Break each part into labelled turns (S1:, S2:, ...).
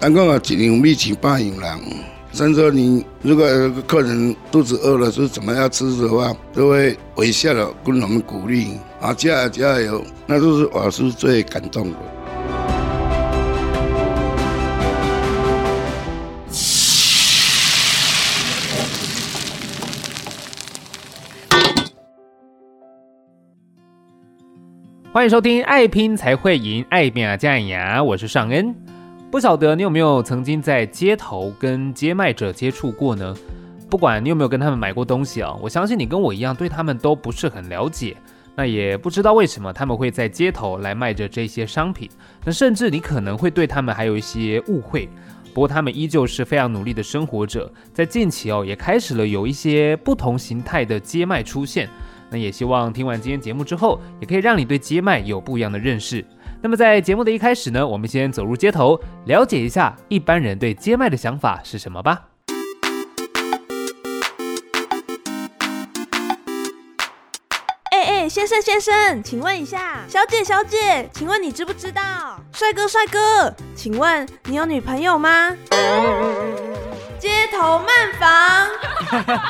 S1: 當講啊，經營秘籍不容易啦。甚至說，你如果客人肚子餓了，是怎麼樣吃的話，都會微笑的跟我們鼓勵，啊，加油加油，那就是我是最感動的。
S2: 歡迎收聽《愛拼才會贏》，愛拼才會贏，我是尚恩。不曉得你有沒有曾經在街頭跟街賣者接觸過呢？不管你有沒有跟他們買過東西啊，我相信你跟我一樣對他們都不是很了解。那也不知道為什麼他們會在街頭來賣着這些商品。那甚至你可能會對他們還有一些誤會。不過他們依舊是非常努力的生活者。在近期哦，也開始了有一些不同形態的街賣出現。那也希望聽完今天節目之後，也可以讓你對街賣有不一樣的認識。那麼在節目的一開始呢，我們先走入街頭，了解一下一般人對街賣的想法是什麼吧。
S3: 哎、欸、哎、欸，先生先生，請問一下；小姐小姐，請問你知不知道？帥哥帥哥，請問你有女朋友嗎？街頭漫訪，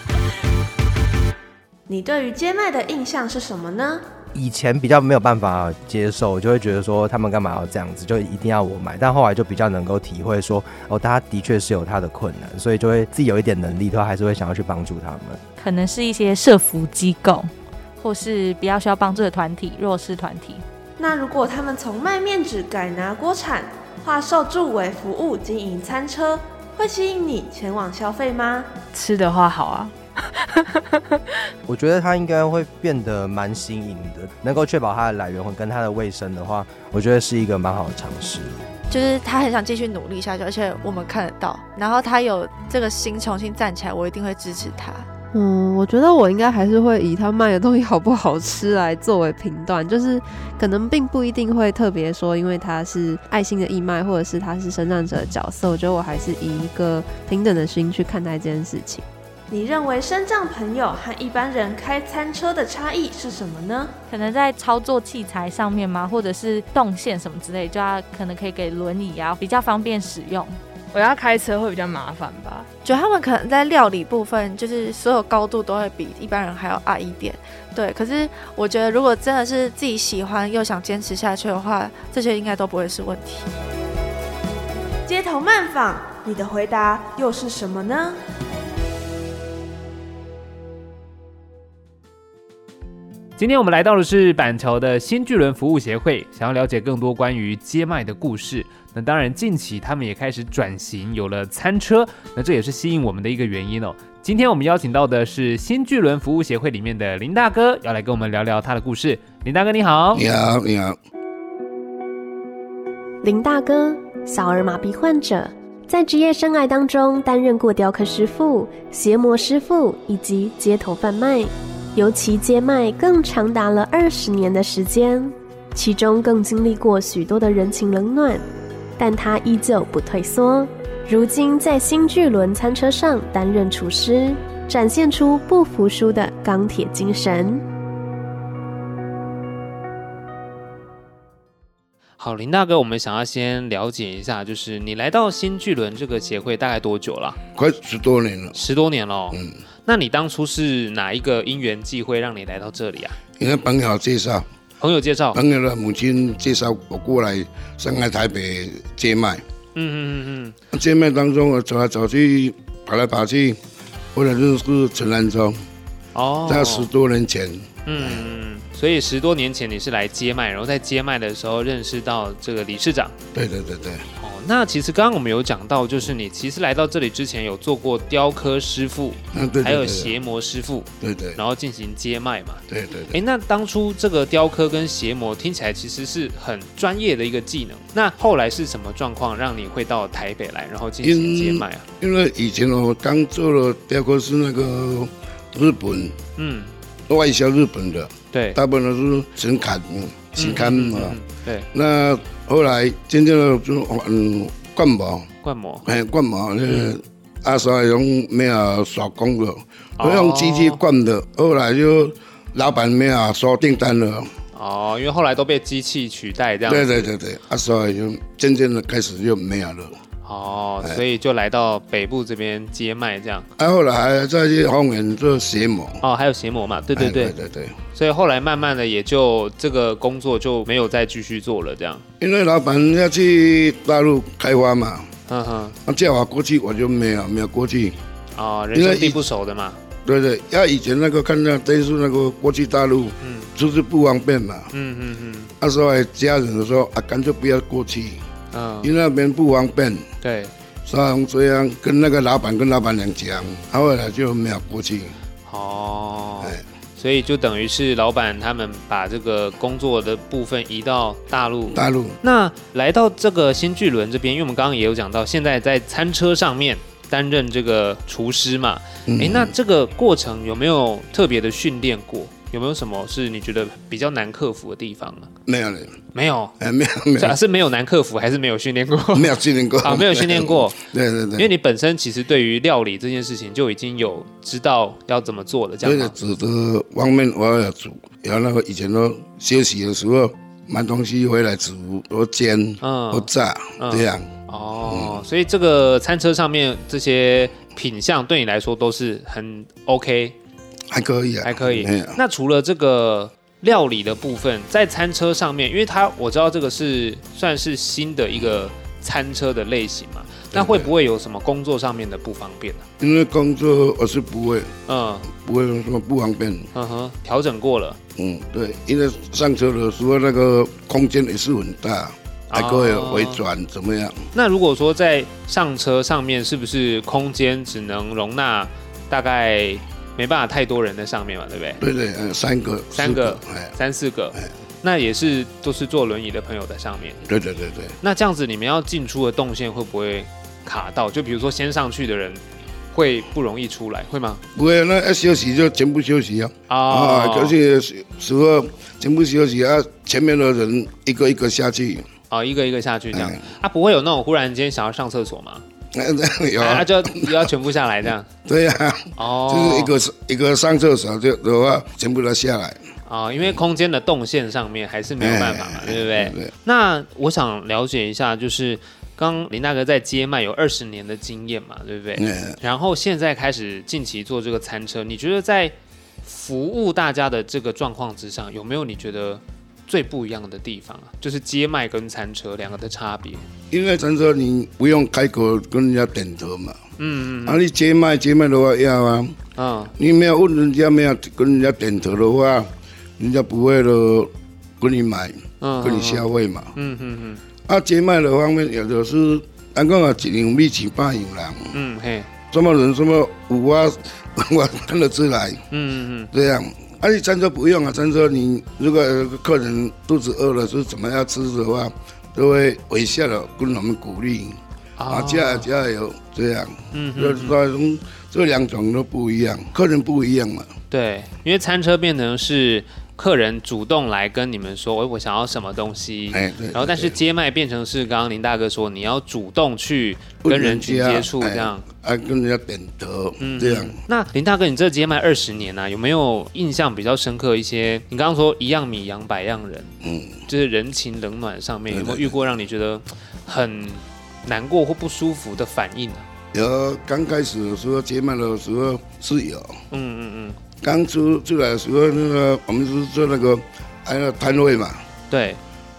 S3: 你對於街賣的印象是什麼呢？
S4: 以前比較沒有辦法接受，就會覺得說他們幹嘛要這樣子，就一定要我買。但後來就比較能夠體會說，哦，他的確是有他的困難，所以就會自己有一點
S3: 能
S5: 力的話，還是會想要去幫助他們。
S3: 可能是一些社福機構，或是比較需要幫助的團體、弱勢團體。那如果他們從賣面紙改拿鍋鏟，化受助為服務，經營餐車，會吸引你前往消費嗎？吃的話，好啊。
S4: 我覺得他應該會變得蠻新穎的，能夠確保他的來源和跟他的衛生的話，我覺得是一個蠻好的嘗試。就
S3: 是他很想繼續努力下去，而且我們看得到，然後他有這個心重新站起來，我一定會支持他。嗯，我覺得我應該還是會以他賣的東西好不好吃來作為評斷，就是可能並不一定會特別說，因為他是愛心的義賣，或者是他是生產者的角色，我覺得我還是以一個平等的心去看待這件事情。你認為身障朋友和一般人開餐車的差異是什麼呢？可能在操作器材上面嗎？或者是動線什麼之類，就要可能可以給輪椅啊，比較方便使用。我要開車會比較麻煩吧？就他們可能在料理部分，就是所有高度都會比一般人還要矮一點。對，可是我覺得如果真的是自己喜歡又想堅持下去的話，這些應該都不會是問題。街頭漫訪，你的回答又是什麼呢？今天我
S2: 們來到的是板橋的新巨輪服務協會，想要了解更多關於街賣的故事。那當然，近期他們也開始轉型，有了餐車，那這也是吸引我們的一個原因哦。今天我們邀請到的是新巨輪服務協會裡面的林大哥，要來跟我們聊聊他的故事。林大哥，你好。你好，你好。
S3: 林大哥，小兒麻痹患者，在職業生涯當中擔任過雕刻師傅、鞋模師傅以及街頭販賣。尤其街賣更長達了二十年的時間，其中更經歷過許多的人情冷暖，但他依舊不退縮。如今在新巨輪餐車上擔任廚師，展現出不服輸的鋼鐵精神。
S2: 好，林大哥，我們想要先了解一下，就是你來到新巨輪這個協會大概多久了？
S1: 快十多年了，
S2: 十多年了，嗯。那你當初是哪一個因緣際會讓你來到這裡啊？
S1: 因為朋友介紹，朋友介紹，朋友的母親介紹我過來上海台北街賣。嗯哼嗯嗯嗯。街賣當中，我走來走去，跑來跑去，我來認識陳蘭忠。哦。在十多年前。嗯嗯
S2: 嗯。所以十多年前你是來街賣，然後在街賣的時候認識到這個理事長。
S1: 對對對對。
S2: 那其實剛剛我們有講到，就是你其實來到這裡之前有做過雕刻師傅，嗯、對對對對，還有邪魔師傅，對，對對，然後進行街賣嘛，對對、對。哎、欸，那當初這個雕刻跟邪魔聽起來其實是很專業的一個技能，那後來是什麼狀況讓你會到台北來，然後進行街賣啊？因
S1: 為，因為以前我剛做了雕刻是那個日本，嗯，外銷日本的，對，大部分都是神龕，神龕。嘛、嗯嗯嗯，對，那。後來漸漸的就嗯灌模、灌模，嘿灌模，那阿衰用咩啊手工不用機器灌的。後來就老闆沒有收訂單了。
S2: 哦，因為後來都被機器取代掉這樣。對對對對，
S1: 阿、啊、衰就漸漸的開始就沒有了。
S2: 哦，所以就來到北部這邊接麥這樣。
S1: 哎、啊，後來還在去後面做鞋模哦，還有鞋模嘛？對對對對、哎、對，
S2: 對，對。所以後來慢慢的也就這個工作就沒有再繼續做了這樣。
S1: 因為老闆要去大陸開發嘛，嗯嗯哈。叫、啊、我過去我就沒有沒有過去。
S2: 哦，人生地不熟的嘛。因
S1: 為對，對對，要、啊、以前那個看到、那、都、個、是那個過去大陸，嗯，就是不方便嘛。嗯嗯嗯。那時候家人的時候阿甘就不要過去。”嗯、因為那邊不方便，對，所以這樣跟那個老板跟老板娘講，後來就沒有過去。
S2: 哦對，所以就等於是老板他們把這個工作的部分移到大陸。大陸。那來到這個新巨輪這邊，因為我們剛剛也有講到，現在在餐車上面擔任這個廚師嘛。哎、嗯欸，那這個過程有沒有特別的訓練過？有沒有什麼是你覺得比較難克服的地方啊？沒有了，沒有，哎、欸，沒有沒有，是沒有難克服，還是沒有訓練過？沒有訓練過，啊、 哦，沒有訓練過。對對對，因為你本身其實對於料理這件事情就已經有知道要怎麼做了，這樣、
S1: 這個的方面。我有煮，外面我要煮，然後那個以前都休息的時候買東西回來煮，我煎，嗯，我炸、嗯，這樣。嗯、
S2: 哦、嗯，所以這個餐車上面這些品項對你來說都是很 OK。還可以啊、還可以，還可以。那除了這個料理的部分，在餐車上面，因為它我知道這個是算是新的一個餐車的類型嘛，嗯、那會不會有什麼工作上面的不方便呢、啊？
S1: 因為工作我是不會，嗯，不會有什麼不方便。嗯
S2: 哼，調整過了。
S1: 嗯，對，因為上車的時候那個空間也是很大，嗯、還可以回轉怎麼樣？
S2: 那如果說在上車上面，是不是空間只能容納大概？沒辦法，太多人在上面嘛，對不對？
S1: 對對，嗯，三個、三個，四個
S2: 三四個、哎，那也是都是坐輪椅的朋友在上面。
S1: 對對對對，
S2: 那這樣子你們要進出的動線會不會卡到？就比如說先上去的人會不容易出來，會嗎？
S1: 不會，那一休息就全部休息啊。
S2: 啊、哦，就是
S1: 時候全部休息啊？前面的人一個一個下去。
S2: 啊、哦，一個一個下去這樣。哎、啊，不會有那種忽然間想要上廁所嗎？那 有，啊、就要,有要全部下來這樣。
S1: 對呀、啊，哦，
S2: 就是一個、
S1: 哦、一個上廁所就的話，要全部都下來。
S2: 哦，因為空間的動線上面還是沒有辦法嘛，嗯、對不對,對,對,對,對？那我想了解一下，就是剛林大哥在街賣有二十年的經驗嘛，對不對,對,對,對？然後現在開始近期做這個餐車，你覺得在服務大家的這個狀況之上，有沒有你覺得？最不一樣的地方啊，就是街賣跟餐車兩個的差別。
S1: 因為餐車你不用開口跟人家點頭嘛，嗯嗯，嗯，啊你街賣街賣的話要啊，啊、哦、你沒有問人家沒有跟人家點頭的話，人家不會了跟你買，哦、跟你消費嘛，嗯嗯嗯。啊街賣的方面也就是，咱講啊一樣米吃百樣人，嗯嘿，什麼人什麼有啊，我看得出來，嗯，嗯嗯，這樣。啊、餐車不用啊，餐車你如果客人肚子餓了，說怎麼樣吃的話，都會微笑的跟我們鼓勵，哦、啊，加油，加油，這樣，嗯，就是說從這兩種都不一樣，客人不一樣嘛，
S2: 對，因為餐車變成是。客人主動來跟你們說，我我想要什麼東西，然後但是街賣變成是剛剛林大哥說，你要主動去跟人去接觸，這樣，
S1: 跟人這樣。
S2: 那林大哥，你這街賣二十年啊，有沒有印象比較深刻一些？你剛剛說一樣米養百樣人，嗯，就是人情冷暖上面有沒有遇過讓你覺得很
S1: 難過或不舒服的反應？有，剛開始說街賣的時候是有，嗯嗯嗯，嗯。剛出出來，的時候，那個我們是做那個挨個攤位嘛，對，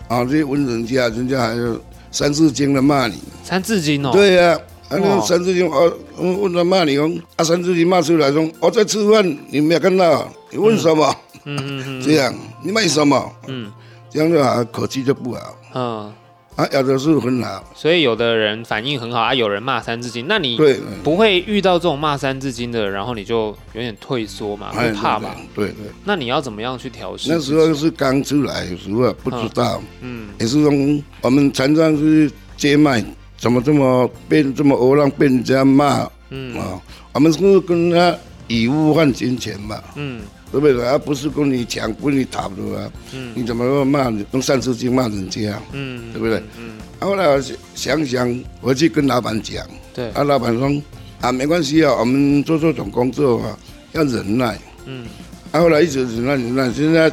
S1: 啊、哦，去問人家，人家還有三字經來罵你，三字經哦，對呀、啊，啊，三字經，問問他罵你哦，啊，三字經罵出來說，我在吃飯，你沒有看到，你問什麼？嗯，
S2: 這樣，
S1: 你賣什麼？嗯，這樣的話口氣就不好啊。嗯啊，有的是很好，
S2: 所以有的人反應很好啊，有人罵三字經，那你不會遇到這種罵三字經的，然後你就有點退縮嘛，會怕嘛、哎？對對，對，對。那你要怎麼樣去調適？那時候是
S1: 剛出來，有時候不知道，嗯，也是從我們常常是街賣，怎麼這麼變這麼窩囊，被人家罵，嗯啊、哦，我們是跟他以物換金錢嘛，嗯。對不對？他、啊、不是跟你不跟你吵的啊！嗯，你怎麼說罵？用上次去罵人家、啊？嗯，對不對？嗯。嗯啊、後來想想，回去跟老闆講。對。啊，老闆說：“啊，沒關係啊，我們做這種工作啊，要忍耐。”嗯。啊，後來一直忍耐忍耐，現在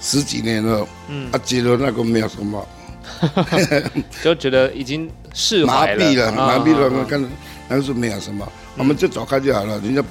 S1: 十幾年了。嗯。他覺得那個沒有什麼。 就覺得已經釋懷了。麻痹了，麻痹了，我們看那個是沒有什麼、嗯，我們就走開就好了，人家。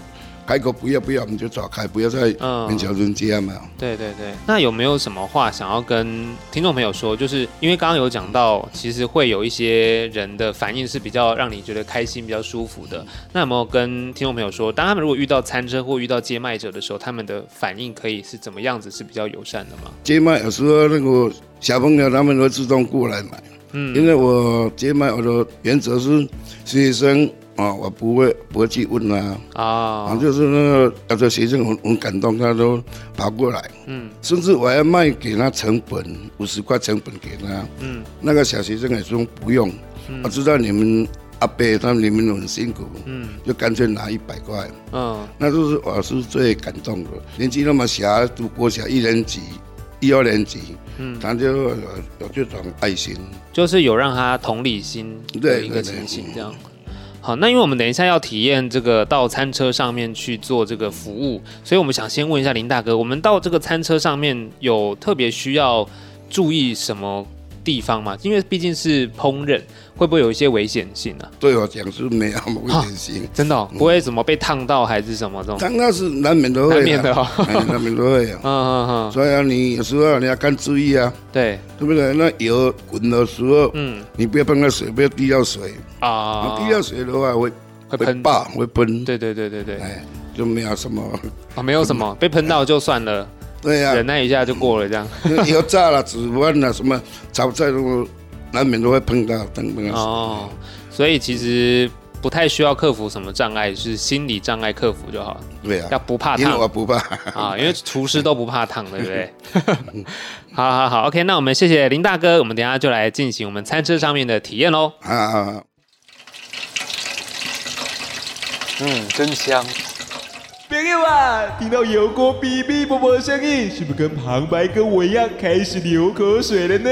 S1: 開口不要不要，你就走開，不要再勉強人家嘛、嗯。
S2: 對對對，那有沒有什麼話想要跟聽眾朋友說？就是因為剛剛有講到，其實會有一些人的反應是比較讓你覺得開心、比較舒服的。那有沒有跟聽眾朋友說，當他們如果遇到餐車或遇到街賣者的時候，他們的反應可以是怎麼樣子，是比較友善的嗎？
S1: 街賣有時候那個小朋友，他們會自動過來買。嗯，因為我街賣我的原則是，學生。啊、哦，我不會不會去問啦、啊。Oh. 啊，就是那個他說學生很很感動，他都跑過來。嗯，甚至我要賣給他成本五十塊成本給他。嗯，那個小學生也說不用。我、嗯啊、知道你們阿伯他們你們很辛苦。嗯，就乾脆拿一百塊。嗯，那就是我是最感動的。年紀那麼小，讀國小一年級、一二年級，嗯，他就有有這種愛心，
S2: 就是有讓他同理心對,對,對，一個情形。這樣。嗯好，那因為我們等一下要體驗這個，到餐車上面去做這個服務，所以我們想先問一下林大哥，我們到這個餐車上面有特別需要注意什麼地方嘛，因為畢竟是烹飪，會不會有一些危險性啊？對我講是沒有危險性、啊，真的、喔、不會什麼被燙到
S1: 還是什麼這種。燙到是難免的，難免的、哦 哎，難免難免的。會。嗯嗯嗯。所以、啊、你有時候你要看注意啊，對，對不對？那油滾的時候，嗯，你不要碰到水，不要滴到水啊。哦、你滴到水的話會會噴爆，會噴。會會對,對對對對對。哎，就沒有什麼。啊、哦，
S2: 沒有什麼，被噴到就算了。啊對呀、啊，忍耐一下就過了，這
S1: 樣。油炸了、指紋了、什麼炒菜都難免都會碰到等等。哦、嗯，
S2: 所以其實不太需要克服什麼障礙，就是心理障礙克服就好了，對啊。要不怕燙。不怕。啊， 因為廚師都不怕燙，對不對？ 好好好，OK，那我們謝謝林大哥，我們等一下就來進行我們餐車上面的體驗嘍。啊啊啊！嗯，真香。
S5: 朋友啊，聽到油鍋嗶嗶啵啵的聲音，是不是跟旁白哥我一樣開始流口水了呢？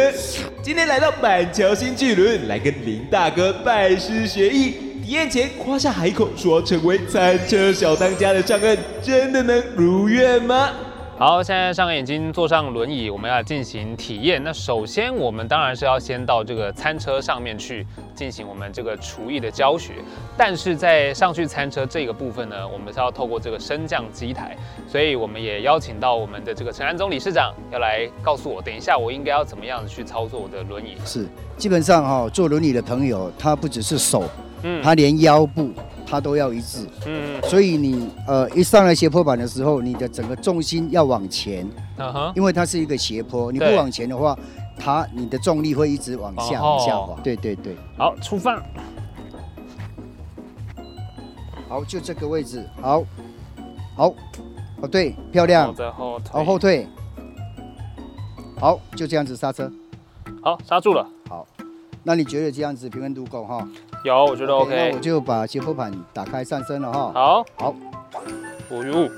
S5: 今天來到板橋新巨輪，來跟林大哥拜師學藝，體驗前誇下海口說成為餐車小當家的尚恩，真的能如願嗎？
S2: 好，現在尚恩已經坐上輪椅，我們要進行體驗。那首先，我們當然是要先到這個餐車上面去進行我們這個廚藝的教學。但是在上去餐車這個部分呢，我們是要透過這個升降機台，所以我們也邀請到我們的這個陳安宗理事長要來告訴我，等一下我應該要怎麼樣子去操作我的輪椅。
S4: 是，基本上哈、哦，坐輪椅的朋友，他不只是手，嗯，他連腰部。嗯它都要一致，
S2: 嗯，所
S4: 以你呃一上來斜坡板的時候，你的整個重心要往前，因為它是一個斜坡，你不往前的話，它你的重力會一直往下，往、哦、下滑、哦，對對對，對。好，出發，好，就這個位置，好，好，哦、對，漂亮，好後，後、哦、後退，好，就這樣子剎車，
S2: 好，剎住了，好，
S4: 那你覺得這樣子平衡度夠哈？哦
S2: 有，我覺得 OK，okay 那我
S4: 就把斜坡板打開上升了哈。
S2: 好，好。哎、哦、呦，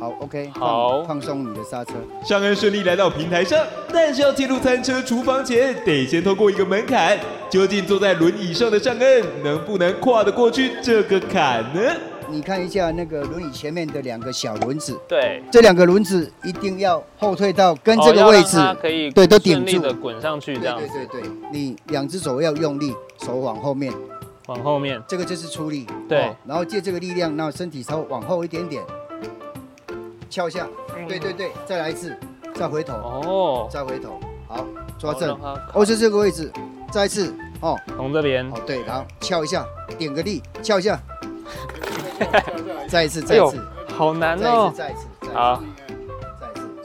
S5: 好 OK，好，放鬆你的剎車。尚恩順利來到平台上，但是要進入餐車廚房前，得先通過一個門檻。究竟坐在輪椅上的尚恩能不能跨得過去這個坎呢？
S4: 你看一下那個輪椅前面的兩個小輪子，對，這兩個輪子一定要後退到跟這個位置、
S2: 哦，可以，對，都頂住，順利的滾上去，這樣。對對對，
S4: 你兩隻手要用力，手往後面，往後面，這個就是出力，對、哦。然後借這個力量，讓身體稍微往後一點點，翹一下、嗯。對對對，再來一次，再回頭，哦，再回頭，好，抓正。哦，是、哦、這個位置，再一次，哦，從這邊。哦，對，然後
S2: 翹一下，點個力，翹一下。 再，一再，一喔、再，一再一次，再一次，好難哦！啊，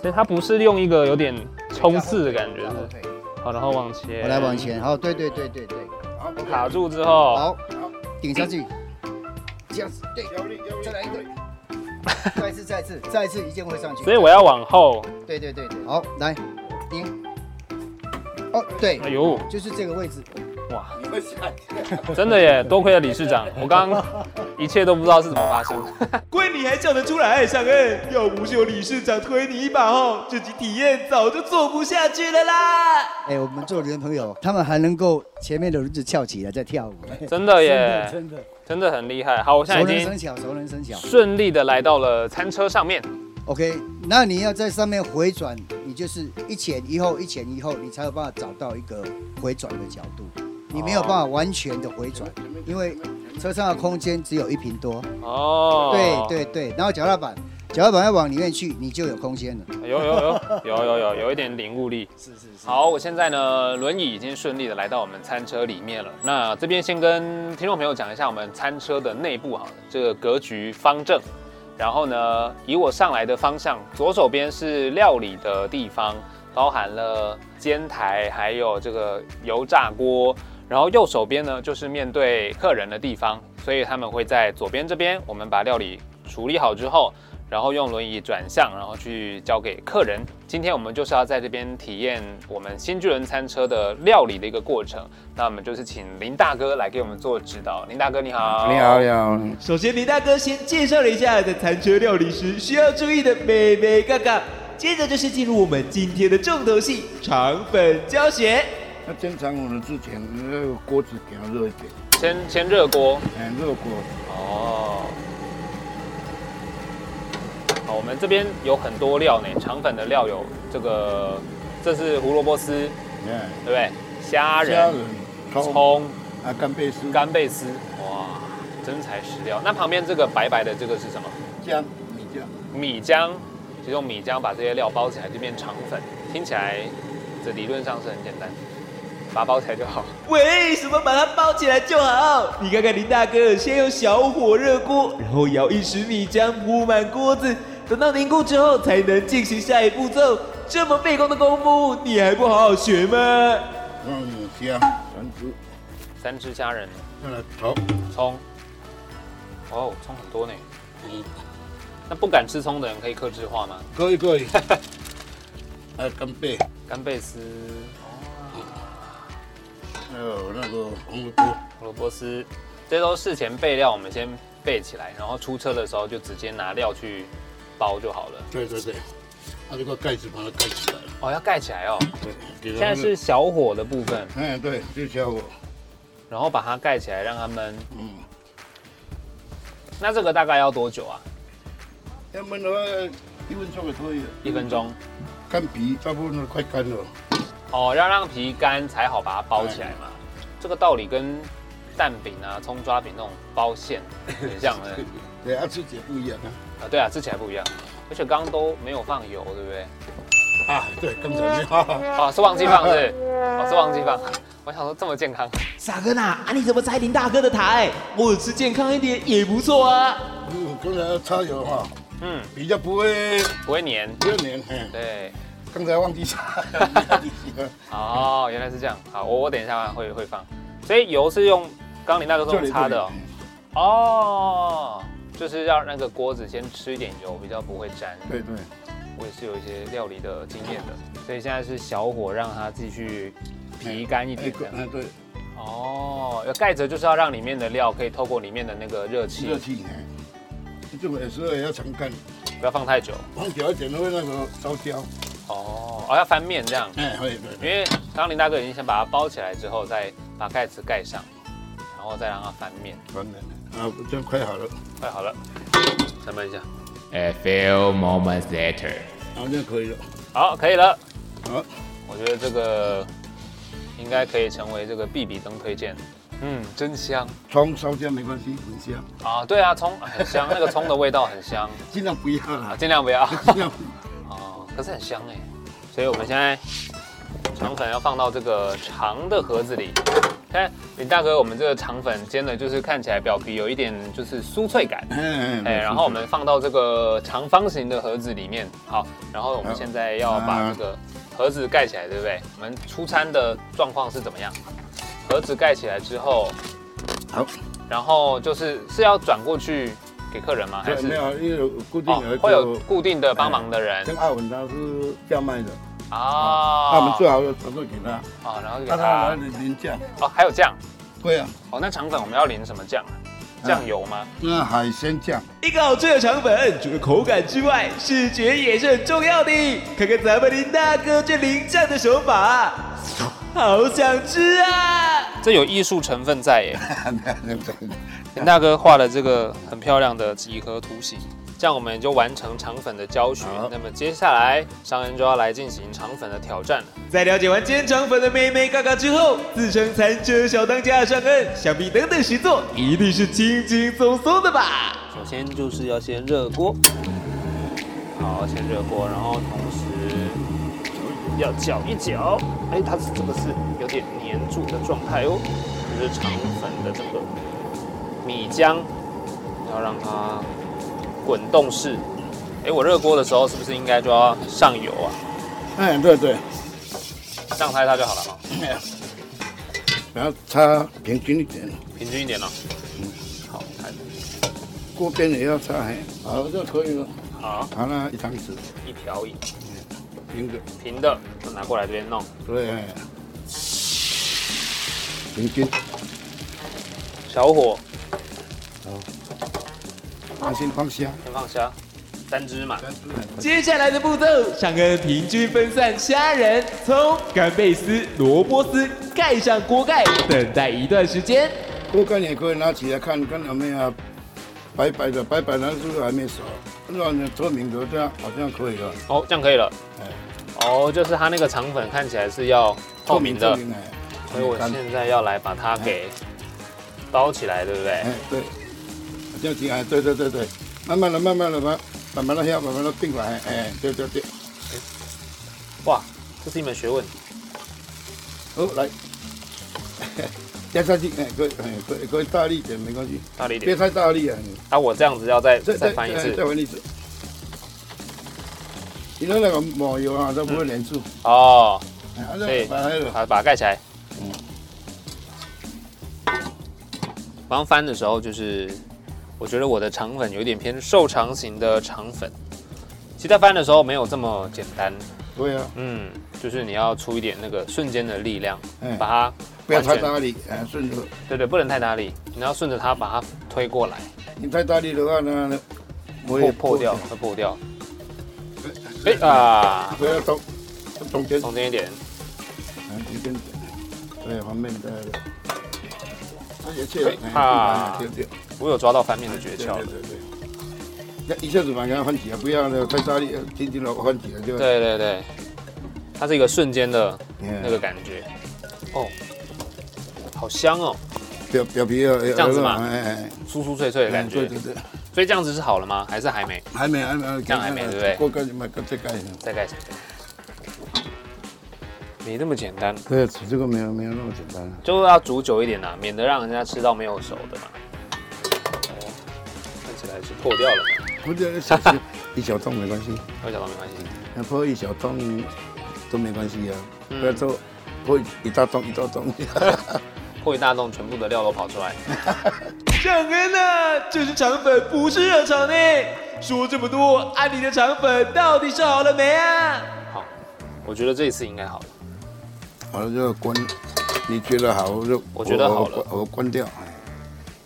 S2: 所以它不是用一個有點衝刺的感覺後然後、OK，好，然後往前，我來往前，哦，對對對對對，對好，我、OK，卡住之後，好，頂上去、欸，這樣
S1: 子，對，再來一個，
S4: 再一次，再一次，再一次，一鍵會上去，所以我要往後，對對對對，好，來頂，
S5: 哦，oh，對，哎呦，就是這個位置。
S2: 哇！你們想真的耶？多虧了理事長，我剛一切都不知道是怎麼發生。
S5: 虧 你還叫得出來，尚恩，要不是有理事長推你一把哦，這集體驗早就做不下去了啦。
S4: 哎、欸，我們做人朋友，他們還能夠前面的輪子翹起來在跳舞，
S5: 欸、真
S2: 的耶，真的，真的很厲害。好，我現在熟能生巧，熟能生巧，順利的來到了餐車上面。
S4: OK，那你要在上面回轉，你就是一前一後，一前一後，你才有辦法找到一個回轉的角度。你沒有辦法完全的回轉，oh. 因為車上的空間只有一坪多
S2: 哦。Oh. 對對
S4: 對，然後腳踏板，腳踏板要往裡面去，你就有空間了。
S2: 有有有有有有，有一點領悟力。是是是。好，我現在呢，輪椅已經順利的來到我們餐車裡面了。那這邊先跟聽眾朋友講一下我們餐車的內部哈，這個格局方正。然後呢，以我上來的方向，左手邊是料理的地方，包含了煎台，還有這個油炸鍋。然後右手邊呢，就是面對客人的地方，所以他們會在左邊這邊。我們把料理處理好之後，然後用輪椅轉向，然後去交給客人。今天我們就是要在這邊體驗我們新巨輪餐車的料理的一個過程。那我們就是請林大哥來給我們做指導。林大哥你好，你
S5: 好，你好。首先林大哥先介紹了一下在餐車料理時需要注意的眉眉角角。接着就是進入我們今天的重頭戲腸
S1: 粉教學。那常，我們之前，那個鍋子給它熱一點，先先熱鍋，哎、嗯，熱鍋哦。
S2: 好，我們這邊有很多料呢，腸粉的料有這個，這是胡蘿蔔絲，對不對？蝦仁、蔥、啊干貝絲、干貝絲，哇，真材實料。那旁邊這個白白的這個是什麼？姜米漿，米漿，就用米漿把這些料包起來，就變腸粉。聽起來，這理論上是很簡單。把包起來就
S5: 好。為什麼把它包起來就好？你看看林大哥，先用小火熱鍋，然後舀一匙米漿鋪滿鍋子，等到凝固之後才能進行下一步驟。這麼費工的功夫，你還不好好學嗎？
S2: 嗯，行。三隻，三隻蝦仁。好，蔥。哦，蔥很多呢。那不敢吃蔥的人可以客製化嗎？可以可以。來 干貝干貝絲。還、哦、有那個胡蘿蔔絲，這些都是事前備料，我們先備起來，然後出車的時候就直接拿料去包就好了。對對對，拿這個蓋子把它蓋起來。哦，要蓋起來哦。對。現在是小火的部分。嗯，對，就小火。然後把它蓋起來，讓它燜。嗯。那這個大概要多久啊？要
S1: 燜的話，一分鐘可以。一分鐘。乾皮，大部分都快乾了。
S2: 哦，要讓皮乾才好把它包起來嘛，嗯、這個道理跟蛋餅啊、蔥抓餅那種包餡很像的。 對，
S1: 對啊，吃起來不一樣
S2: 啊。啊，對啊，吃起來不一樣。而且剛剛都沒有放油，對不對？
S1: 啊，對，剛才沒放。啊，啊
S2: 啊是忘記放，是？是忘記放。我想說這麼健康。
S5: 尚哥呢啊你怎麼拆林大哥的台？我吃健康一點也不錯啊。嗯，剛才插油的話嗯，
S2: 比較不會不會粘，不會粘。對。剛才忘記擦， 哦，原來是這樣。好，我我等一下會會放。所以油是用剛剛你那個是擦的哦。哦，就是要那個鍋子先吃一點油，比較不會粘。
S1: 對對，
S2: 我也是有一些料理的經驗的。所以現在是小火讓它繼續皮乾一點的。嗯對，對，對。哦，要蓋着就是要讓裡面的料可以透過裡面的那個熱氣。熱氣呢？這
S1: 種也是也要成乾，
S2: 不要放太久。
S1: 放久一點都會那個燒焦。
S2: 哦哦，要翻面，這樣，哎，可以，因為剛剛林大哥已經先把它包起來之後，再把蓋子蓋上，然後再讓它翻面，翻
S1: 面，啊，這樣快好了，
S2: 快好了，再慢一下，a few moments later，然後這樣可以了，好，可以了，我覺得這個應該可以成為這個必比登推薦，嗯，真香，
S1: 蔥燒焦沒關係，
S2: 很香，啊，對啊，蔥很香， 那個蔥的味道很香，盡量不要啦，啊、盡量不要， 不是很香哎，欸，所以我們現在腸粉要放到這個長的盒子裡。林大哥，我們這個腸粉煎的就是看起來表皮有一點就是酥脆感。
S4: 哎，然後我們
S2: 放到這個長方形的盒子裡面。好，然後我們現在要把這個盒子蓋起來，對不對？我們出餐的狀況是怎麼樣？盒子蓋起來之後，好，然後就是是要轉過去。給客人嗎？對，還是沒有，因
S1: 為有固定會有、哦、會有
S2: 固定的幫忙的人。那、
S1: 哎、阿文他是叫賣的、哦哦、啊，那我們最好的傳送給他
S2: 啊、哦，然後給他來淋、啊、醬哦，還有醬，對啊，哦，那腸粉我們要淋什麼醬？醬油
S5: 嗎？那、啊、海鮮醬。一個好吃的腸粉，除了口感之外，視覺也是很重要的。看看咱們林大哥這淋醬的手法，
S2: 好想吃啊！這有藝術成分在耶、欸。 林大哥畫了這個很漂亮的幾何圖形。這樣我們就完成腸粉的教學。那麼接下來，尚恩就要來進行腸粉的挑戰。在了
S5: 解完今天腸粉的妹妹嘎嘎之後，自稱餐車小當家的尚恩，想必等等實作一定是輕輕鬆鬆的吧。
S2: 首先就是要先熱鍋，好，先熱鍋，然後同時要攪一攪。哎，它是這個是有點黏住的狀態哦，這是腸粉的這個米漿，要讓它。滾動式，哎，我熱鍋的時候是不是應該就要上油啊？
S1: 哎，對對，
S2: 這樣拍它就好了嘛。
S1: 然後 擦平均一點，
S2: 平均一點咯，
S1: 哦。嗯，好，來，鍋邊也要擦黑。
S2: 好，這樣可以了。好，
S1: 好那一湯匙，
S2: 一條一平的，平的，拿過來這邊弄。
S1: 對，平均，小火，好。放蝦，
S2: 先放蝦，三隻嘛，三
S5: 隻，三隻。接下來的步驟，上個平均分散蝦仁、蔥、干
S1: 貝絲、蘿蔔絲，蓋上鍋蓋，等待一段時間。鍋蓋也可以拿起來看看有沒有。白白的，白白的，是不是還沒熟？那透明的這樣好像可以了。
S2: 哦，這樣可以了。哦，就是它那個腸粉看起來是要透明的，透
S1: 明，
S2: 透明的。所以我現在要來把它給包起
S1: 來，對不對？哎，對。對這樣子啊，對對對對，慢慢的、慢慢的、慢，慢，慢慢的下、慢慢的變軟，哎、欸，對對對。欸、哇，這是一門學問。哦，來，加 下去，可、欸、可可以，可以，可以，可以大力一點沒關係，大力點，別太大力、
S2: 欸、啊。那我這樣子要再再翻一次，
S1: 再翻一次。欸、你弄那個抹油啊，都不會粘住、嗯。
S2: 哦。對、啊。把它蓋起來。嗯。剛翻的時候就是。我覺得我的腸粉有點偏瘦長型的腸粉，其實在翻的時候沒有這麼簡單。
S1: 對呀、啊。
S2: 嗯，就是你要出一點那個瞬間的力量，欸、把它不要太大力、啊，哎，順着。對對，不能太大力，你要順着它把它推過來。
S1: 你太大力的話呢，會破，破掉，會破掉。
S2: 哎、欸、啊！不要中，中間，中間一點，
S1: 一點，對，方便的。
S2: 怕、啊，我有抓到翻面的訣竅、啊。對，對對
S1: 對，一下子把剛剛翻起啊，不要那太大力，輕輕地翻起啊，對
S2: 對對對，它是一個瞬間的那個感覺。哦，
S1: 好香哦，表表皮這樣子嘛，哎、嗯、哎，酥酥脆，脆脆的感覺。嗯、對，對
S2: 對對，所以這樣子是好了嗎？還是還沒？還沒還沒，這樣
S1: 還沒對不對？再蓋再蓋。沒那麼簡單，對，煮這個沒有沒有那麼簡單，
S2: 就要煮久一點、啊、免得讓人家吃到沒有熟的嘛。哦、看起來是破掉了嘛，
S1: 不是，小小小 一小洞沒關係，一小洞沒關係，破一小洞都沒關係啊、嗯，不要做破一大洞一大洞，
S2: 破一大洞全部的料都跑出來。
S5: 尚 恩啊，這是腸粉，不是熱腸呢。說這麼多，愛你的腸粉到底是好了沒啊？好，
S2: 我覺得這一次應該好了。.
S1: 好了就關，你覺得好我就我，我覺得好了，我關掉。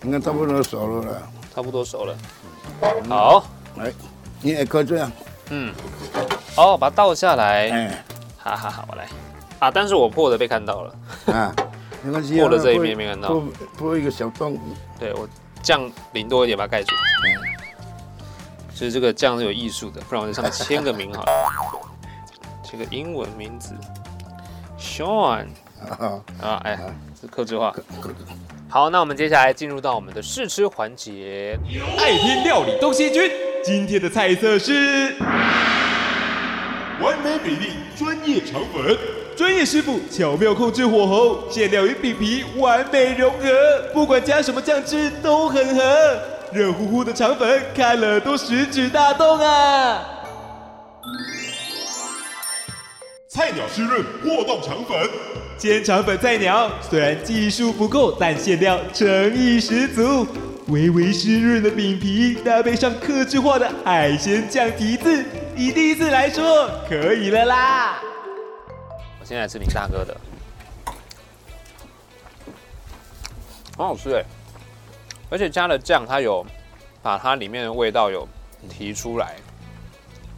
S1: 應該差不多熟了啦、嗯，
S2: 差不多熟了。
S1: 好、嗯，來，你也可以這樣。
S2: 嗯。哦，把它倒下來。嗯，好好好，我來。啊，但是我破的被看到
S1: 了。啊，沒關係，破的這一邊沒看到破。破破一個小洞。
S2: 對，我醬淋多一點，把它蓋住。嗯，所以這個醬是有藝術的，不然我就上面簽個名好了。 這個英文名字。Sean 啊、哎、客製化。好，那我們接下來進入到我們的試吃環節。愛拼料理
S5: 東西君，今天的菜色是完美比例專業腸粉，專業師傅巧妙控制火候，餡料與餅皮完美融合，不管加什麼醬汁都很合。熱乎乎的腸粉，看了都食指大動啊！菜鳥濕潤過道腸粉，煎腸粉菜鳥雖然技術不夠，但餡料誠意十足。微微濕潤的餅皮搭配上客製化的海鮮醬提子，以第一次來說，可以了啦。
S2: 我現在吃林大哥的，很好，好吃哎，而且加了醬，它有把它裡面的味道有提出來，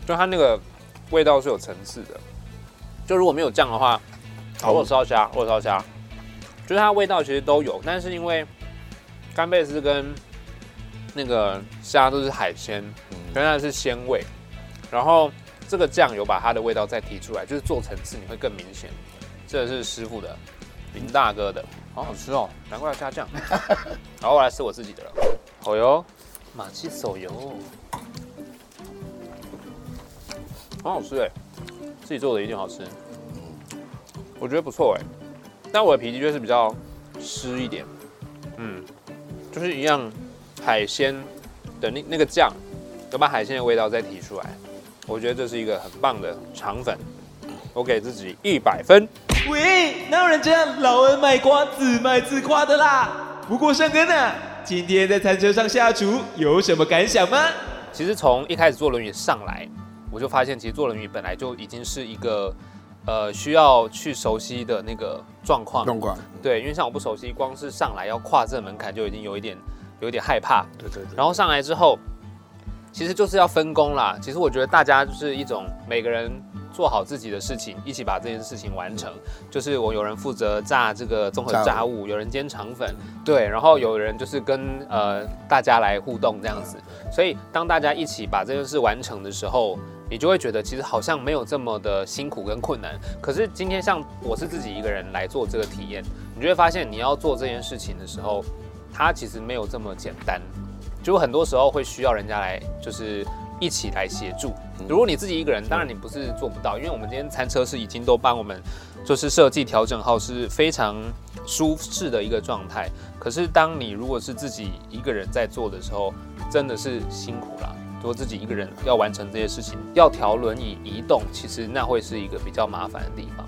S2: 就它那個味道是有層次的。就如果沒有醬的話，我蝦，oh. 我者燒蝦，我者燒蝦，就是它的味道其實都有，但是因為乾貝是跟那個蝦都是海鮮，原來是鮮味，然後這個醬油把它的味道再提出來，就是做層次你會更明顯。這是師傅的，林大哥的，好好吃哦，難怪要加醬。然 後我來吃我自己的了，好油，馬奇手油，很好，好吃哎。自己做的一定好吃，我覺得不錯哎。但我的脾氣就是比較濕一點，嗯，就是一樣海鮮的那那個醬，要把海鮮的味道再提出來，我覺得這是一個很棒的腸粉。我給自己一百分。
S5: 喂，哪有人這樣？老恩賣瓜自賣自誇的啦。不過尚哥呢，今天在餐車上下廚有什麼
S2: 感想嗎？其實從一開始坐輪椅上來。我就發現，其實做人魚本來就已經是一個，呃，需要去熟悉的那個狀況。狀況。對，因為像我不熟悉，光是上來要跨這門檻就已經有一點，有一點害怕。對對對。然後上來之後，其實就是要分工啦。其實我覺得大家就是一種每個人。做好自己的事情，一起把這件事情完成。嗯、就是我有人負責炸這個綜合炸物，炸物，有人煎腸粉，對，然後有人就是跟呃大家來互動這樣子。所以當大家一起把這件事完成的時候，你就會覺得其實好像沒有這麼的辛苦跟困難。可是今天像我是自己一個人來做這個體驗，你就會發現你要做這件事情的時候，它其實沒有這麼簡單，就很多時候會需要人家來就是。一起來協助。如果你自己一個人，當然你不是做不到，因為我們今天餐車是已經都幫我們就是設計調整好，是非常舒適的一個狀態。可是當你如果是自己一個人在做的時候，真的是辛苦啦。如果自己一個人要完成這些事情，要調輪椅移動，其實那會是一個比較麻煩的地方。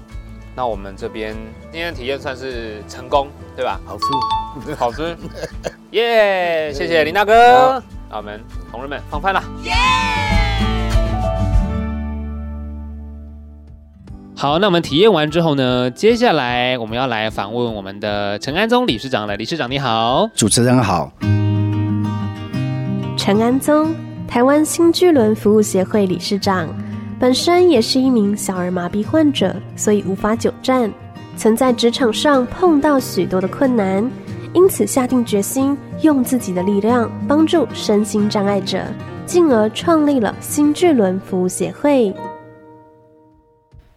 S2: 那我們這邊今天體驗算是成功，對吧？好吃，好吃，耶、 yeah！謝謝林大哥。好，我們同仁們放飯了，耶、yeah!！好，那我們體驗完之後呢，接下來我們要來訪問我們的陳安宗理事長了。來，理事長你好，
S4: 主持人
S3: 好。陳安宗，台灣新巨輪服務協會理事長，本身也是一名小兒麻痹患者，所以無法久站，曾在職場上碰到許多的困難。因此，下定決心用自己的力量幫助身心障礙者，進而創立了新巨輪服務協會。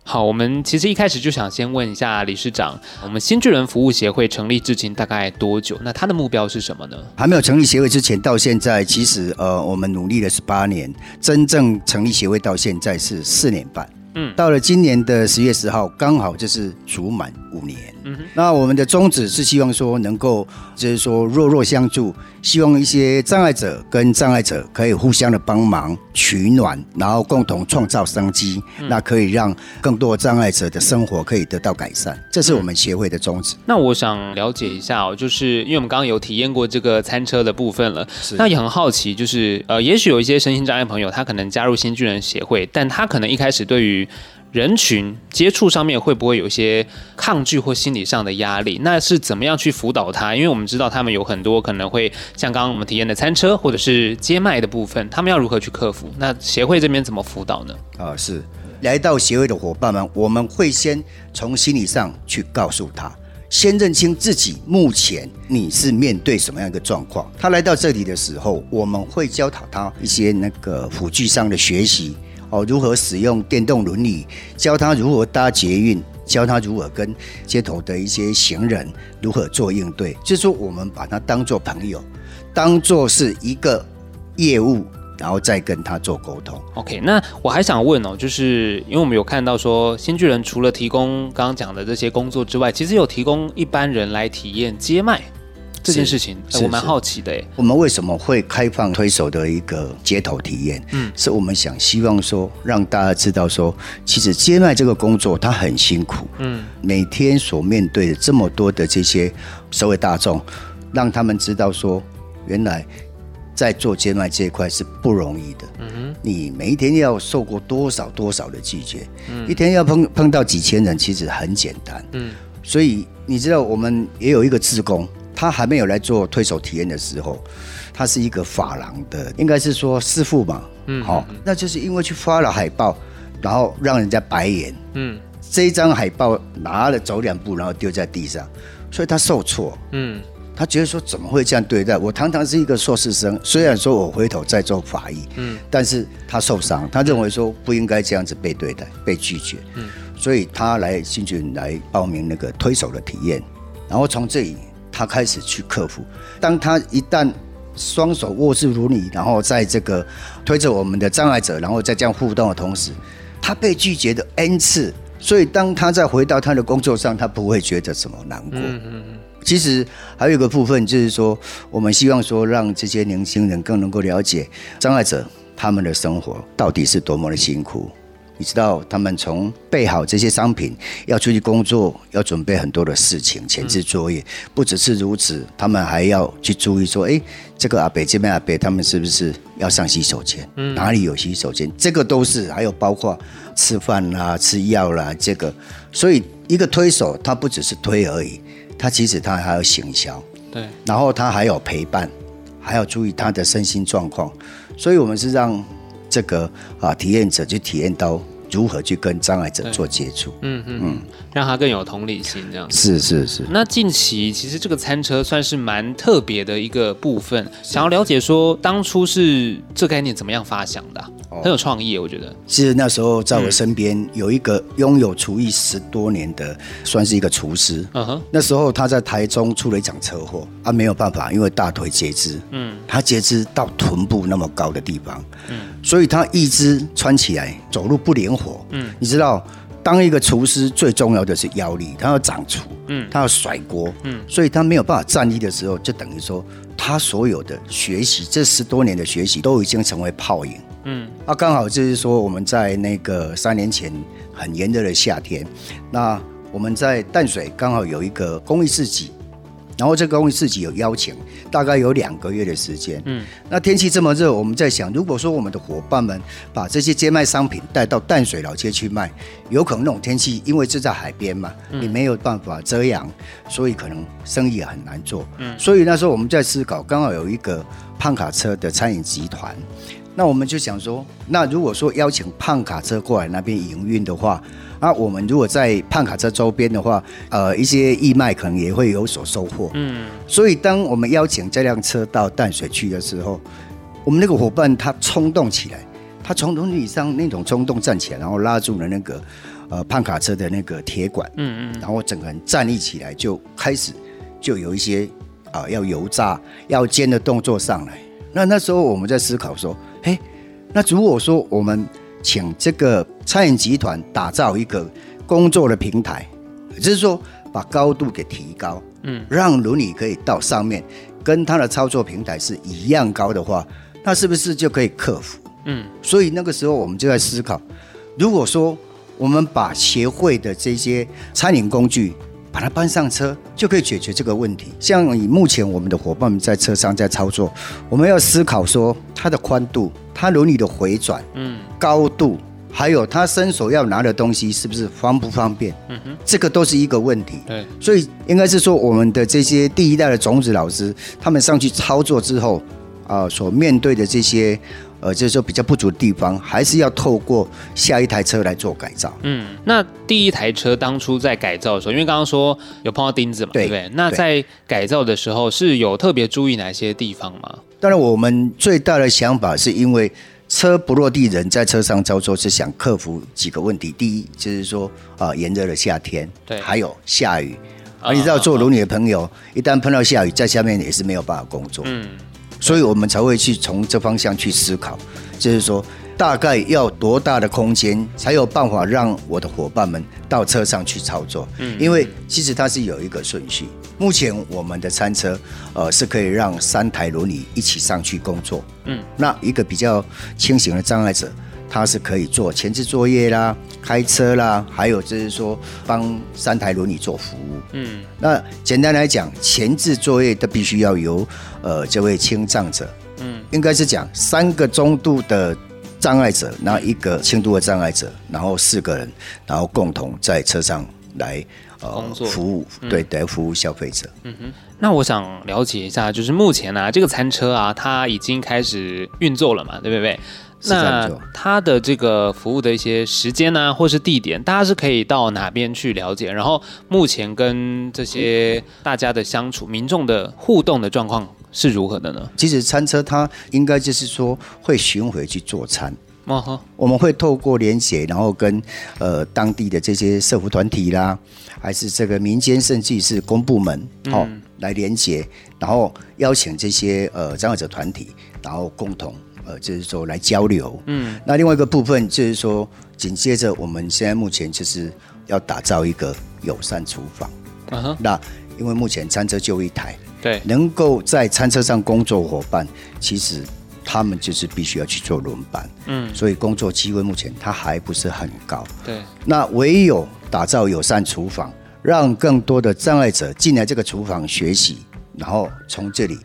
S2: 好，我們其實一開始就想先問一下理事長，我們新巨輪服務協會成立至今大概多久？那他的目標是什麼呢？
S4: 還沒有成立協會之前，到現在其實呃，我們努力了十八年，真正成立協會到現在是四年半。嗯，到了今年的十月十號，剛好就是足滿五年、嗯哼，那我們的宗旨是希望說能夠，就是說弱弱相助，希望一些障礙者跟障礙者可以互相的幫忙取暖，然後共同創造生機、嗯，那可以讓更多障礙者的生活可以得到改善，嗯、這是我們協會的宗旨、嗯。
S2: 那我想了解一下哦，就是因為我們剛剛有體驗過這個餐車的部分了，是那也很好奇，就是呃，也許有一些身心障礙朋友，他可能加入新巨輪協會，但他可能一開始對於人群接觸上面會不會有一些抗拒或心理上的壓力？那是怎麼樣去輔導他？因為我們知道他們有很多可能會像剛剛我們體驗的餐車或者是街賣的部分，他們要如何去克服？那協會這邊怎麼輔導呢？啊，是
S4: 來到協會的夥伴們，我們會先從心理上去告訴他，先認清自己目前你是面對什麼樣一個狀況。他來到這裡的時候，我們會教導他一些那個輔具上的學習。哦，如何使用電動輪椅？教他如何搭捷運，教他如何跟街頭的一些行人如何做應對。就是說我們把他當做朋友，當做是一個業務，然後再跟他做溝通。
S2: OK，那我還想問哦，就是因為我們有看到說，新巨輪除了提供剛剛講的這些工作之外，其實有提供一般人來體驗街賣。這件事情，我蠻好奇的。
S4: 我們為什麼會開放推手的一個街頭體驗？嗯，是我們想希望說讓大家知道說，其實街賣這個工作它很辛苦。嗯，每天所面對的這麼多的這些社會大眾，讓他們知道說，原來在做街賣這一塊是不容易的。嗯哼，你每一天要受過多少多少的拒絕，一天要碰碰到幾千人，其實很簡單。嗯，所以你知道我們也有一個志工，他還沒有來做推手體驗的時候，他是一個髮廊的，應該是說師傅嘛，嗯，好、嗯哦，那就是因為去發了海報，然後讓人家白眼，嗯，這一張海報拿了走兩步，然後丟在地上，所以他受挫，嗯，他覺得說怎麼會這樣對待，我堂堂是一個碩士生，雖然說我回頭再做髮藝，嗯，但是他受傷，他認為說不應該這樣子被對待、被拒絕，嗯，所以他來興趣來報名那個推手的體驗，然後從這裡。他開始去克服，當他一旦雙手握著如你，然後在這個推着我們的障礙者，然後再這樣互動的同時，他被拒絕的 N 次，所以當他再回到他的工作上，他不會覺得什麼難過。其實還有一個部分就是說，我們希望說讓這些年輕人更能夠了解障礙者他們的生活到底是多麼的辛苦。你知道他們從備好這些商品，要出去工作，要準備很多的事情，前置作業、嗯。不只是如此，他們還要去注意說：誒、欸，這個阿北這邊阿北他們是不是要上洗手間？嗯、哪裡有洗手間？這個都是。還有包括吃飯啦、吃藥啦，這個。所以一個推手，他不只是推而已，他其實他還要行銷。對。然後他還有陪伴，還要注意他的身心狀況。所以我們是讓。這個啊，體驗者就體驗到。如何去跟障礙者做接觸？嗯
S2: 嗯，讓他更有同理心，這樣子是是是。那近期其實這個餐車算是蠻特別的一個部分，想要了解說當初是這概念怎麼樣發想的，啊哦？很有創意，我覺得。其
S4: 實那時候在我身邊，嗯、有一個擁有廚藝十多年的，算是一個廚師。嗯哼。那時候他在台中出了一場車禍，他，啊、沒有辦法，因為大腿截肢。嗯。他截肢到臀部那麼高的地方，嗯，所以他一只穿起來走路不靈，嗯，你知道，當一個廚師最重要的是腰力，他要掌廚，嗯，他要甩鍋，嗯，所以他沒有辦法站立的時候，就等於說他所有的學習，這十多年的學習都已經成為泡影，嗯，那、啊、剛好就是說我們在那個三年前很炎熱的夏天，那我們在淡水剛好有一個公益市集。然後這個我們自己有邀請，大概有兩個月的時間。嗯，那天氣這麼熱，我們在想，如果說我們的夥伴們把這些街賣商品帶到淡水老街去賣，有可能那種天氣，因為是在海邊嘛，你、嗯、沒有辦法遮陽，所以可能生意也很難做。嗯，所以那時候我們在思考，剛好有一個胖卡車的餐飲集團，那我們就想說，那如果說邀請胖卡車過來那邊營運的話。那我們如果在胖卡車周邊的話，呃，一些義賣可能也會有所收穫。嗯，嗯，所以當我們邀請這輛車到淡水區的時候，我們那個夥伴他衝動起來，他從樓梯上那種衝動站起來，然後拉住了那個呃胖卡車的那個鐵管，嗯、嗯，然後整個人站立起來就開始就有一些啊、呃、要油炸要煎的動作上來。那那時候我們在思考說，嘿，那如果說我們。請這個餐飲集團打造一個工作的平台，就是說把高度給提高，嗯，讓輪椅可以到上面，跟它的操作平台是一樣高的話，那是不是就可以克服？嗯，所以那個時候我們就在思考，如果說我們把協會的這些餐飲工具把它搬上車，就可以解決這個問題。像以目前我們的夥伴們在車上在操作，我們要思考說它的寬度。它輪椅的迴轉，嗯，高度，還有它伸手要拿的東西是不是方不方便？嗯哼，這個都是一個問題。對，所以應該是說我們的這些第一代的種子老師，他們上去操作之後，啊、呃，所面對的這些呃，就是說比較不足的地方，還是要透過下一台車來做改造。嗯，
S2: 那第一台車當初在改造的時候，因為剛剛說有碰到釘子嘛，對，對不對？那在改造的時候是有特別注意哪些地方嗎？
S4: 當然，我們最大的想法是因為車不落地，人在車上操作，是想克服幾個問題。第一，就是說啊，炎熱的夏天，對，還有下雨、啊。啊、你知道做輪椅的朋友，一旦碰到下雨，在下面也是沒有辦法工作。嗯，所以我們才會去從這方向去思考，就是說，大概要多大的空間，才有辦法讓我的伙伴們到車上去操作？嗯，因為其實它是有一個順序。目前我們的餐車，呃，是可以讓三台輪椅一起上去工作。嗯，那一個比較輕型的障礙者，他是可以做前置作業啦、開車啦，還有就是說幫三台輪椅做服務。嗯，那簡單來講，前置作業都必須要由呃這位輕障者。嗯，應該是講三個中度的障礙者，然後一個輕度的障礙者，然後四個人，然後共同在車上來。呃、哦，服務、嗯、對，得服務消費者。嗯
S2: 哼，那我想了解一下，就是目前呢、啊，這個餐車啊，它已經開始運作了嘛？對不對？是這樣。那它的這個服務的一些時間呢、啊，或是地點，大家是可以到哪邊去了解？然後目前跟這些大家的相處、嗯、民眾的互動的狀況是如何的
S4: 呢？其實餐車它應該就是說會巡回去做餐。
S2: 哦，
S4: 我們會透過聯繫，然後跟呃當地的這些社服團體啦。還是這個民間，甚至是公部門、嗯，哦，來連接，然後邀請這些呃障礙者團體，然後共同呃，就是說來交流。嗯，那另外一個部分就是說，緊接着我們現在目前就是要打造一個友善廚房。嗯哼。那因為目前餐車就一台，對，能夠在餐車上工作夥伴，其實他們就是必須要去做輪班。嗯，所以工作機會目前它還不是很高。對。那唯有。打造友善廚房，讓更多的障礙者進來這個廚房學習，然後從這裡，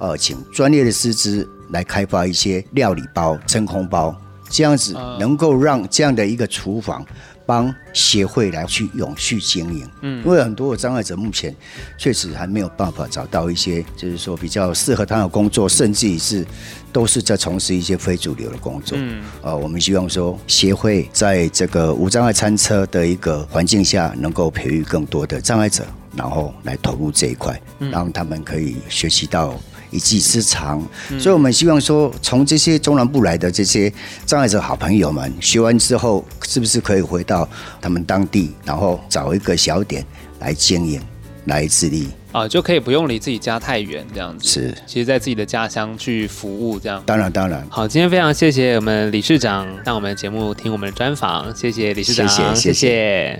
S4: 呃，請專業的師資來開發一些料理包、真空包。這樣子能夠讓這樣的一個廚房幫協會來去永續經營，因為很多的障礙者目前確實還沒有辦法找到一些，就是說比較適合他的工作，甚至於是都是在從事一些非主流的工作。啊，我們希望說協會在這個無障礙餐車的一個環境下，能夠培育更多的障礙者，然後來投入這一塊，讓他們可以學習到。一技之長，所以我們希望說，從這些中南部來的這些障礙者好朋友們學完之後，是不是可以回到他們當地，然後找一個小店來經營，來自立
S2: 啊，就可以不用離自己家太遠這樣子。是，其實，在自己的家鄉去服務這樣。當然，當然。好，今天非常謝謝我們理事長，讓我們的節目聽我們的專訪，謝謝理事長，謝謝。謝謝謝謝。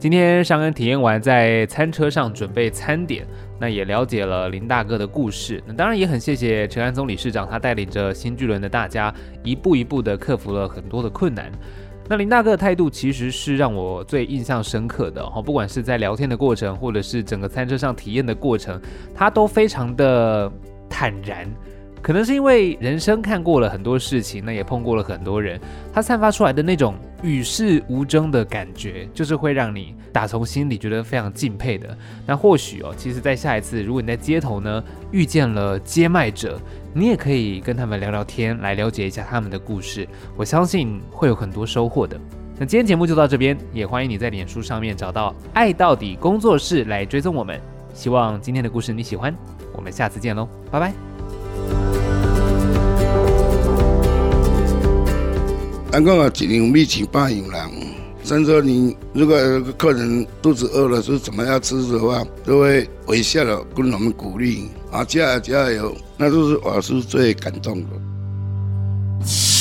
S2: 今天尚恩體驗完，在餐車上準備餐點，那也了解了林大哥的故事。那當然也很謝謝陳安宗理事長，他帶領着新巨輪的大家，一步一步的克服了很多的困難。那林大哥的態度其實是讓我最印象深刻的哈，不管是在聊天的過程，或者是整個餐車上體驗的過程，他都非常的坦然。可能是因為人生看過了很多事情，那也碰過了很多人，他散發出來的那種與世無爭的感覺，就是會讓你打從心裡覺得非常敬佩的。那或許哦，其實在下一次，如果你在街頭呢遇見了街賣者，你也可以跟他們聊聊天，來了解一下他們的故事，我相信會有很多收穫的。那今天節目就到這邊，也歡迎你在臉書上面找到礙到底工作室來追蹤我們。希望今天的故事你喜歡，我們下次見嘍，拜拜。
S1: 剛我啊，只有熱情幫人甚至說，你如果客人肚子餓了，是怎麼樣吃的話，都會微笑的跟我們鼓勵：“啊，加油加油！”那就是我是最感動的。